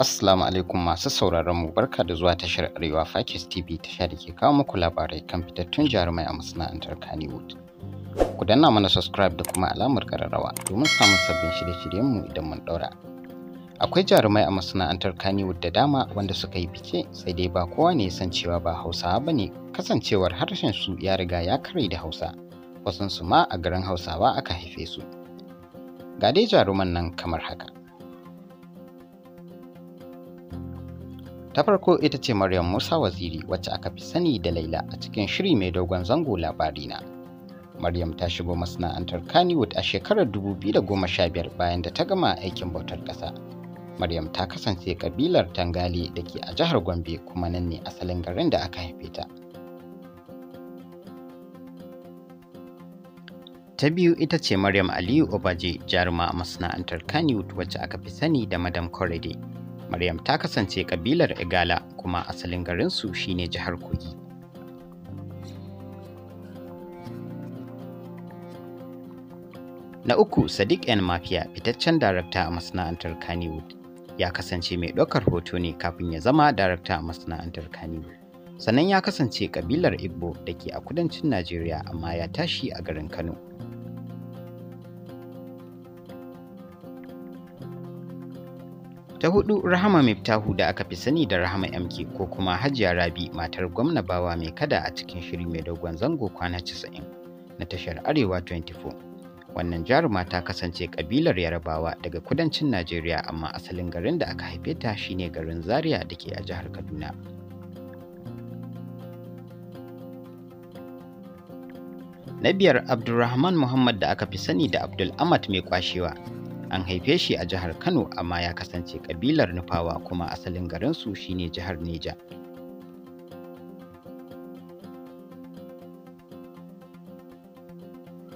Assalamu alaikum masu sauraron mu barka da zuwa tashar Arewa Fakis TV tasha da ke kawo muku labarai kan fitattun jarumai a masana'antar Kannywood. Ku danna mana subscribe da kuma alamar kararrawa domin samun sabbin shirye-shiryen mu idan mun daura. Akwai jarumai a masana'antar Kannywood da dama wanda suka yi fice sai dai ba kowa ne san cewa ba Hausawa bane kasancewar harshen su ya riga ya kare da Hausa. wasan su ma a garin Hausawa aka haife su. Ga dai jaruman nan kamar haka. Ta farko ita ce Maryam Musa Waziri wacce aka fi sani da Laila a cikin shiri mai dogon zango na Maryam ta shigo masana'antar Kannywood a shekarar 2015 bayan da ta gama aikin bautar ƙasa. Maryam ta kasance kabilar Tangali da ke a jihar Gombe kuma nan ne asalin garin da aka haife ta. Ta biyu ita ce Maryam Aliyu Obaje jaruma a masana'antar Kannywood wacce aka fi sani da Madam Korede. Maryam ta kasance kabilar Igala kuma asalin garinsu shine jihar Kogi. Na uku Sadiq N Mafia fitaccen darakta a masana'antar Kannywood ya kasance mai ɗaukar hoto ne kafin ya zama darakta a masana'antar Kannywood. Sannan ya kasance kabilar Igbo da ke a kudancin Najeriya amma ya tashi a garin Kano. ta hudu rahama miftahu da aka fi sani da rahama mk ko kuma hajiya rabi matar gwamna bawa mai kada a cikin shiri mai dogon zango kwana 90 na tashar arewa 24 wannan jaruma ta kasance kabilar yarabawa daga kudancin najeriya amma asalin garin da aka haife ta shine garin zaria da ke a jihar kaduna na biyar abdulrahman muhammad da aka fi sani da abdul amat mai kwashewa an haife shi a jihar kano amma ya kasance kabilar nufawa kuma asalin garinsu shine jihar neja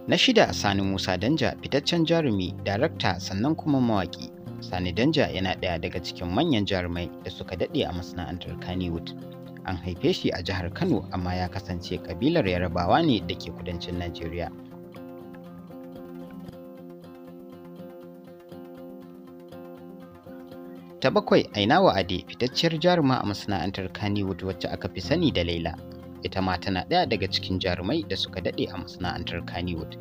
na shida sani musa danja fitaccen jarumi darakta sannan kuma mawaki sani danja yana ɗaya daga cikin manyan jarumai da suka daɗe a masana'antar kannywood an haife shi a jihar kano amma ya kasance kabilar yarabawa ne da ke kudancin najeriya ta bakwai wa ade fitacciyar jaruma a masana'antar kannywood wacce aka fi sani da laila ita ma tana ɗaya daga cikin jarumai da suka daɗe a masana'antar kannywood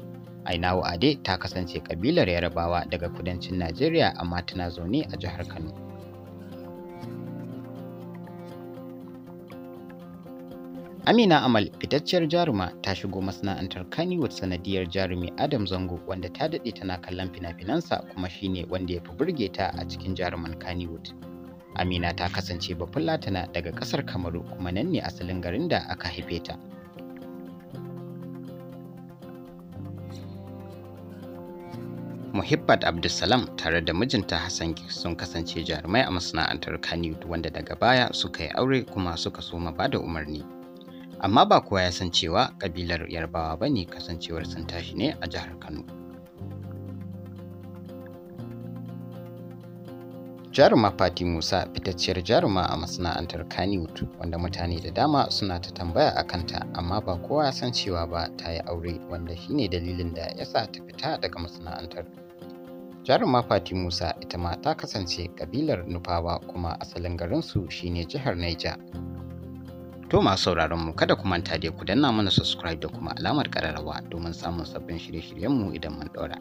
wa ade ta kasance kabilar yarabawa daga kudancin najeriya amma tana zaune a jihar kano Amina Amal fitacciyar jaruma ta shigo masana'antar Kannywood sanadiyar jarumi Adam Zango wanda ta daɗe tana kallon fina-finansa kuma shine wanda ya fi burge ta a cikin jaruman Kannywood. Amina ta kasance latana daga ƙasar Kamaru kuma nan ne asalin garin da aka haife ta. Muhibbat Abdulsalam tare da mijinta Hassan sun kasance jarumai a masana'antar Kannywood wanda daga baya suka yi aure kuma suka soma bada umarni. amma ba kowa ya san cewa kabilar yarbawa ba ne kasancewar sun tashi ne a jihar kano jaruma fati musa fitacciyar jaruma a masana'antar kaniwood wanda mutane da dama suna ta tambaya a kanta amma ba kowa ya san cewa ba ta yi aure wanda shine dalilin da ya sa ta fita daga masana'antar jaruma fati musa ita ma ta kasance kabilar nufawa kuma asalin garinsu shine jihar niger To masu sauraron mu kada ku manta dai ku danna mana subscribe da kuma alamar kararrawa domin samun sabbin shirye-shiryenmu idan mun ɗora.